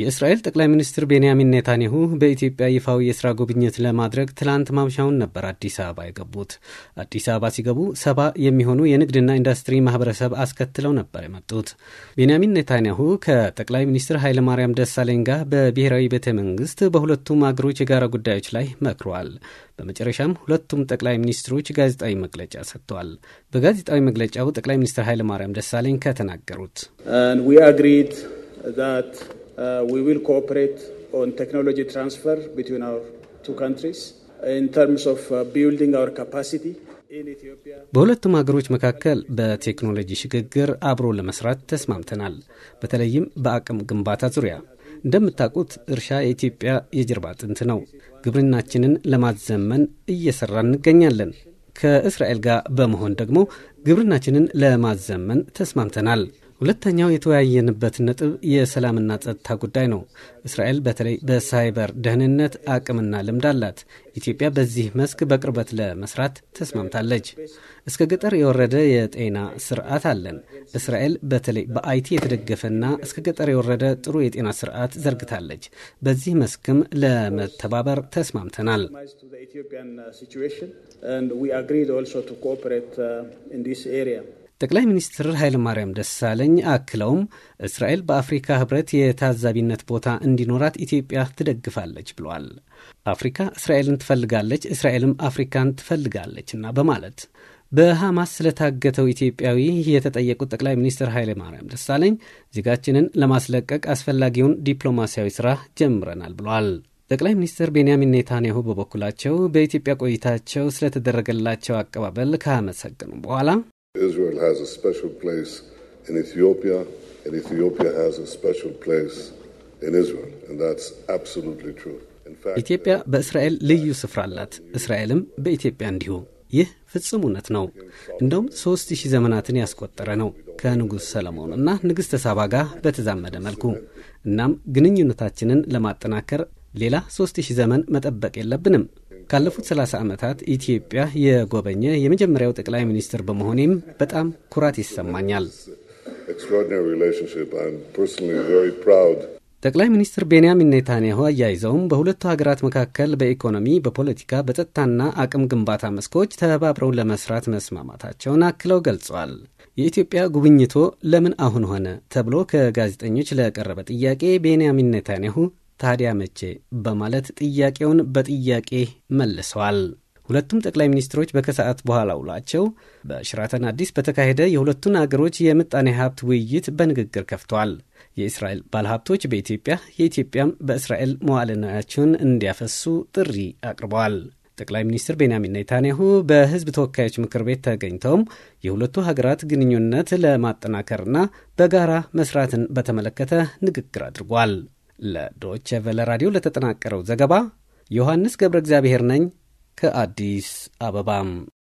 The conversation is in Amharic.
የእስራኤል ጠቅላይ ሚኒስትር ቤንያሚን ኔታንያሁ በኢትዮጵያ ይፋዊ የሥራ ጉብኝት ለማድረግ ትላንት ማምሻውን ነበር አዲስ አበባ የገቡት። አዲስ አበባ ሲገቡ ሰባ የሚሆኑ የንግድና ኢንዱስትሪ ማህበረሰብ አስከትለው ነበር የመጡት። ቤንያሚን ኔታንያሁ ከጠቅላይ ሚኒስትር ኃይለማርያም ደሳለኝ ጋር በብሔራዊ ቤተ መንግስት በሁለቱም አገሮች የጋራ ጉዳዮች ላይ መክሯል። በመጨረሻም ሁለቱም ጠቅላይ ሚኒስትሮች ጋዜጣዊ መግለጫ ሰጥተዋል። በጋዜጣዊ መግለጫው ጠቅላይ ሚኒስትር ኃይለማርያም ደሳለኝ ከተናገሩት Uh, we will cooperate on technology transfer between our two countries in terms of uh, building our capacity. በሁለቱም ሀገሮች መካከል በቴክኖሎጂ ሽግግር አብሮ ለመስራት ተስማምተናል። በተለይም በአቅም ግንባታ ዙሪያ እንደምታውቁት እርሻ የኢትዮጵያ የጀርባ አጥንት ነው። ግብርናችንን ለማዘመን እየሰራ እንገኛለን። ከእስራኤል ጋር በመሆን ደግሞ ግብርናችንን ለማዘመን ተስማምተናል። ሁለተኛው የተወያየንበት ነጥብ የሰላምና ጸጥታ ጉዳይ ነው። እስራኤል በተለይ በሳይበር ደህንነት አቅምና ልምድ አላት። ኢትዮጵያ በዚህ መስክ በቅርበት ለመስራት ተስማምታለች። እስከ ገጠር የወረደ የጤና ስርዓት አለን። እስራኤል በተለይ በአይቲ የተደገፈና እስከ ገጠር የወረደ ጥሩ የጤና ስርዓት ዘርግታለች። በዚህ መስክም ለመተባበር ተስማምተናል። ጠቅላይ ሚኒስትር ኃይለማርያም ደሳለኝ አክለውም እስራኤል በአፍሪካ ህብረት የታዛቢነት ቦታ እንዲኖራት ኢትዮጵያ ትደግፋለች ብሏል። አፍሪካ እስራኤልን ትፈልጋለች፣ እስራኤልም አፍሪካን ትፈልጋለችና በማለት በሐማስ ስለታገተው ኢትዮጵያዊ የተጠየቁት ጠቅላይ ሚኒስትር ማርያም ደሳለኝ ዜጋችንን ለማስለቀቅ አስፈላጊውን ዲፕሎማሲያዊ ሥራ ጀምረናል ብሏል። ጠቅላይ ሚኒስትር ቤንያሚን ኔታንያሁ በበኩላቸው በኢትዮጵያ ቆይታቸው ስለተደረገላቸው አቀባበል ካመሰገኑ በኋላ Israel has a special place in Ethiopia, and Ethiopia has a special place in Israel, and that's absolutely true. ኢትዮጵያ uh, በእስራኤል ልዩ ስፍራ አላት፣ እስራኤልም በኢትዮጵያ እንዲሁ። ይህ ፍጹም እውነት ነው። እንደውም ሶስት ሺህ ዘመናትን ያስቆጠረ ነው ከንጉሥ ሰለሞን እና ንግሥተ ሳባ ጋር በተዛመደ መልኩ። እናም ግንኙነታችንን ለማጠናከር ሌላ ሶስት ሺህ ዘመን መጠበቅ የለብንም። ካለፉት 30 ዓመታት ኢትዮጵያ የጎበኘ የመጀመሪያው ጠቅላይ ሚኒስትር በመሆኔም በጣም ኩራት ይሰማኛል። ጠቅላይ ሚኒስትር ቤንያሚን ኔታንያሁ አያይዘውም በሁለቱ ሀገራት መካከል በኢኮኖሚ፣ በፖለቲካ፣ በጸጥታና አቅም ግንባታ መስኮች ተባብረው ለመስራት መስማማታቸውን አክለው ገልጸዋል። የኢትዮጵያ ጉብኝቶ ለምን አሁን ሆነ ተብሎ ከጋዜጠኞች ለቀረበ ጥያቄ ቤንያሚን ኔታንያሁ ታዲያ መቼ በማለት ጥያቄውን በጥያቄ መልሰዋል። ሁለቱም ጠቅላይ ሚኒስትሮች ከሰዓት በኋላ ውሏቸው በሽራተን አዲስ በተካሄደ የሁለቱን አገሮች የምጣኔ ሀብት ውይይት በንግግር ከፍተዋል። የእስራኤል ባለሀብቶች በኢትዮጵያ የኢትዮጵያም በእስራኤል መዋዕለ ንዋያቸውን እንዲያፈሱ ጥሪ አቅርበዋል። ጠቅላይ ሚኒስትር ቤንያሚን ኔታንያሁ በሕዝብ ተወካዮች ምክር ቤት ተገኝተውም የሁለቱ ሀገራት ግንኙነት ለማጠናከርና በጋራ መስራትን በተመለከተ ንግግር አድርጓል። ለዶይቸ ቬለ ራዲዮ ለተጠናቀረው ዘገባ ዮሐንስ ገብረ እግዚአብሔር ነኝ ከአዲስ አበባም